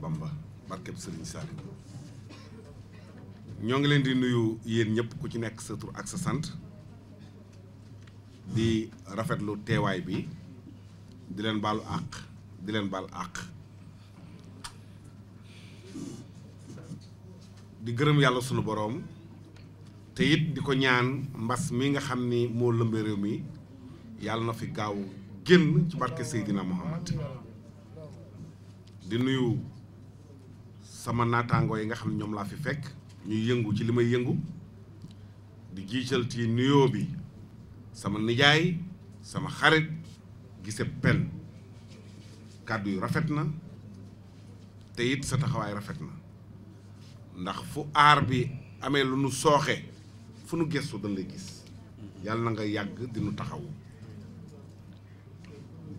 Bamba barkeb Serigne Saliou ñoo ngi leen di nuyu yéen ñëpp ku ci nekk sa tur ak sa sant di rafetlu teewaay bi di leen baalu àq di leen baal àq di gërëm yàlla sunu boroom te it di ko ñaan mbas mi nga xam ni moo lëmbe réew mi yàlla na fi gaaw génn ci barke Seydina Muhammad di nuyu sama naataangoo yi nga xam ne ñoom laa fi fekk ñuy yëngu ci li may yëngu di jiital ci nuyoo bi sama nijaay sama xarit gise pen kàddu yu rafet na te it sa taxawaay rafet na ndax fu aar bi amee lu nu sooxe fu nu gestu dañ lay gis yàlla na nga yàgg di nu taxaw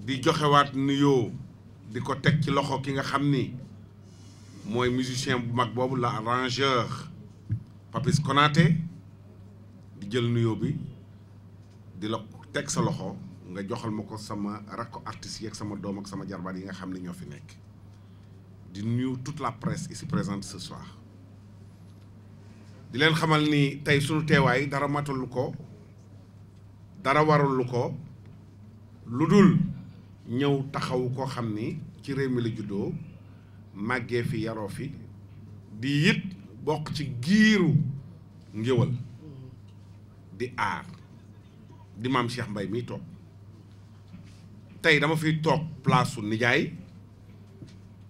di joxewaat nuyoo di ko teg ci loxo ki nga xam ni mooy musicien bu mag boobu la arrangeur Papis Konaté di jël nuyoo bi di la teg sa loxo nga joxal ma ko sama rakko artistes yi ak sama doom ak sama jarbaat yi nga xam ne ñoo fi nekk di nuyu tout la presse ici présente ce soir di leen xamal ni tey sunu teewaay dara matul ko dara warul ko lu dul ñëw taxaw koo xam ni ci réew mi la juddoo màggee fi yaroo fi di it bokk ci giiru ngéwal di aar di maam Cheikh Mbay mi toog tey dama fi toog place su nijaay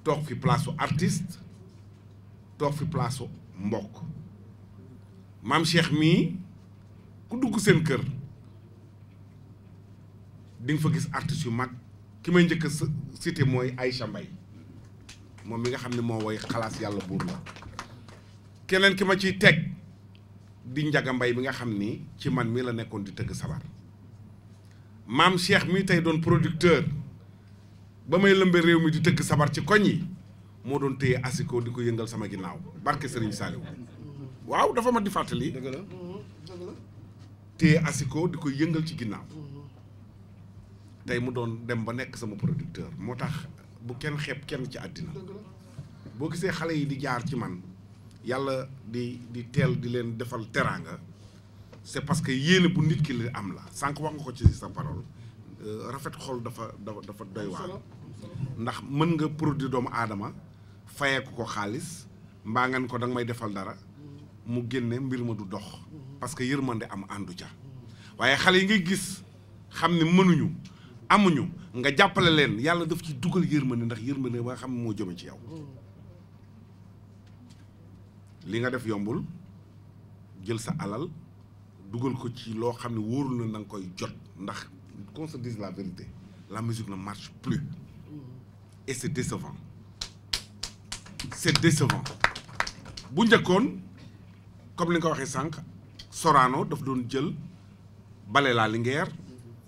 toog fi place su artiste toog fi place mbokk maam Cheikh mii ku dugg seen kër di fa gis artiste yu mag ki may njëkk a cité mooy Aïcha Mbay moom mi nga xam ne moo woy xalaas yàlla buur la keneen ki ma ciy teg di njaga mbay bi nga xam ni ci man mii la nekkoon di tëgg sabar maam Cheikh mii tey doon producteur ba may lëmbe réew mi di tëgg sabar ci koñ yi moo doon téye asiko di ko yëngal sama ginnaaw barke Serigne Saliou waaw dafa ma di fàttali dëgg la asiko di ko yëngal ci ginnaaw tey mu doon dem ba nekk sama producteur moo tax bu kenn xeeb kenn ci àddina boo gisee xale yi di jaar ci man yàlla di di teel di leen defal teraanga c'est parce que yéene bu nit ki li am la sànq wax nga ko ci sa parole euh, rafet xol dafa dafa dafa doy waar ndax mën nga produit doomu aadama fayeeku ko xaalis mbaa ngeen ko danga may defal dara mu génne mbir ma du dox parce que yërmande am àndu ca waaye xale yi ngay gis xam ne mënuñu amuñu nga jàppale leen yàlla def ci dugal yërmande ndax yërmande ba nga xam ne moo jëme ci yow li nga def yombul jël sa alal dugal ko ci loo xam ne wóorul na nanga koy jot ndax qu'on se dise la vérité la musique ne marche plus et c'est bu njëkkoon comme li nga ko waxee sànq soraano daf doon jël bale la Linguère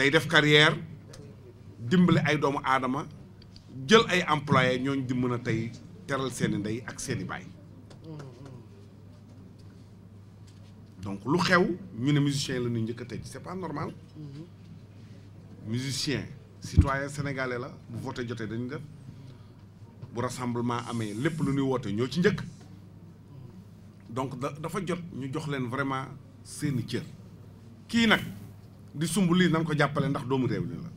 day def carrière dimbali ay doomu aadama jël ay employé ñooñ di na tey teral seeni ndey ak seeni baay donc lu xew ñu ne musicien la ñuy njëkk a tëj c'est pas normal musicien citoyen sénégalais la bu voté jotee dañu def bu rassemblement amee lépp lu ñuy woote ñoo ci njëkk donc da dafa jot ñu jox leen vraiment seeni cër kii nag di sumb lii nan ko jàppale ndax doomu réew mi la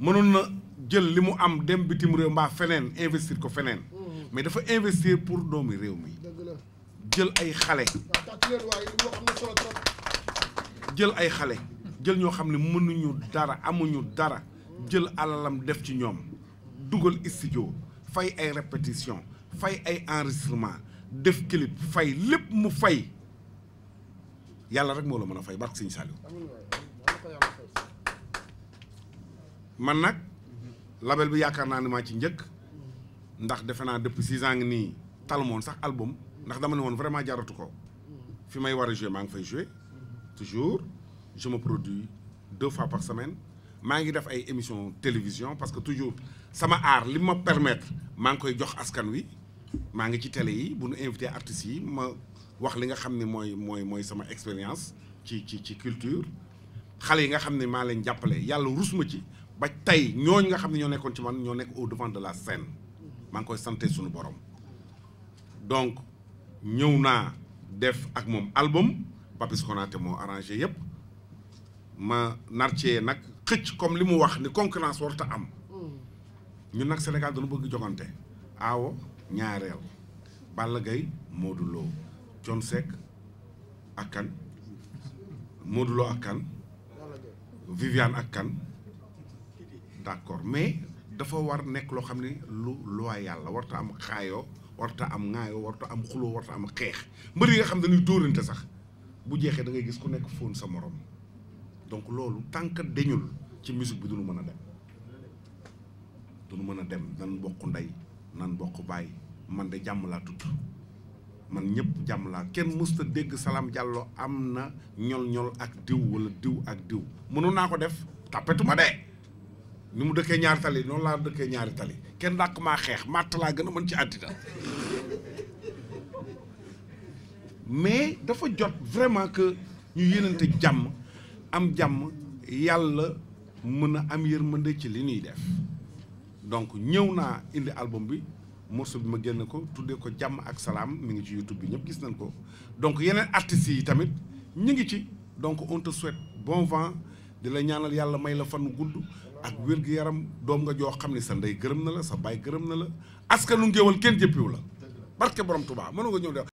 mënoon na jël li mu am dem bitim réew mbaa feneen investir ko feneen mm. mais dafa investir pour doomu réew mi jël ay xale jël ay xale jël ñoo xam ne mënuñu dara amuñu dara jël alalam def ci ñoom dugal studio fay ay répétition fay ay enregistrement def clip fay lépp mu fay yàlla rek moo la mën a fay barke Sëñ Saliou man nag label bi yaakaar naa ne maa ci njëkk ndax defe naa depuis six ans ngi nii talumoon sax album ndax dama ne woon vraiment jaratu ko fi may war a jouer maa ngi fay jouer toujours je me produis deux fois par semaine maa ngi def ay émission télévision parce que toujours sama art li ma permettre maa ngi koy jox askan wi maa ngi ci télé yi bu ñu invité artistes yi ma wax li nga xam ni mooy mooy mooy sama expérience ci ci ci culture xale yi nga xam ne maa leen jàppale yàlla rus ci ba tey ñooñu nga xam ne ñoo nekkoon ci man ñoo nekk au devant de la scène maa ngi koy sante suñu borom donc ñëw naa def ak moom album Papis Konaté moo arrangé yëpp ma narcee nag xëcc comme li mu wax ni concurrence warta am ñun nag Sénégal dañu bëgg jogante aawo ñaareel Balla Gaye Modou Lo John Seck ak kan Modou ak kan Viviane ak kan d'accord mais dafa war nekk loo xam ne lu loyal la warta am xaayoo warta am ŋaayoo warta am xuloo warta am xeex mbër yi nga xam ne dañuy dóorante sax bu jeexee dangay gis ku nekk fóon sa moroom donc loolu tànk deñul ci musique bi nu mën a dem duñu mën a dem nan bokk ndey nan bokk baay man de jàmm laa tudd man ñëpp jàmm laa kenn musta dégg salaam Diallo am na ñol-ñol ak diw walla diw ak diw mënoon naa ko def tappetuma de ni mu dëkkee ñaari tali noonu laa dëkkee ñaari tali kenn dàq maa xeex màtt laa gën a mën ci àddina mais dafa jot vraiment que ñu yéenante jàmm am jàmm yàlla mën a am yërmande ci li ñuy def donc ñëw naa indi album bi morceau bi ma génn ko tuddee ko jàmm ak salaam mu ngi ci YouTube bi ñëpp gis nañ ko donc yeneen artistes yi tamit ñu ngi ci donc on te bon vent di la ñaanal yàlla may la fan gudd ak wér-gu-yaram doom nga joo xam ne sa ndey gërëm na la sa baay gërëm na la askanu ngéwal kenn jëppiwu la barke borom Tuubaa mënu nga ñëw de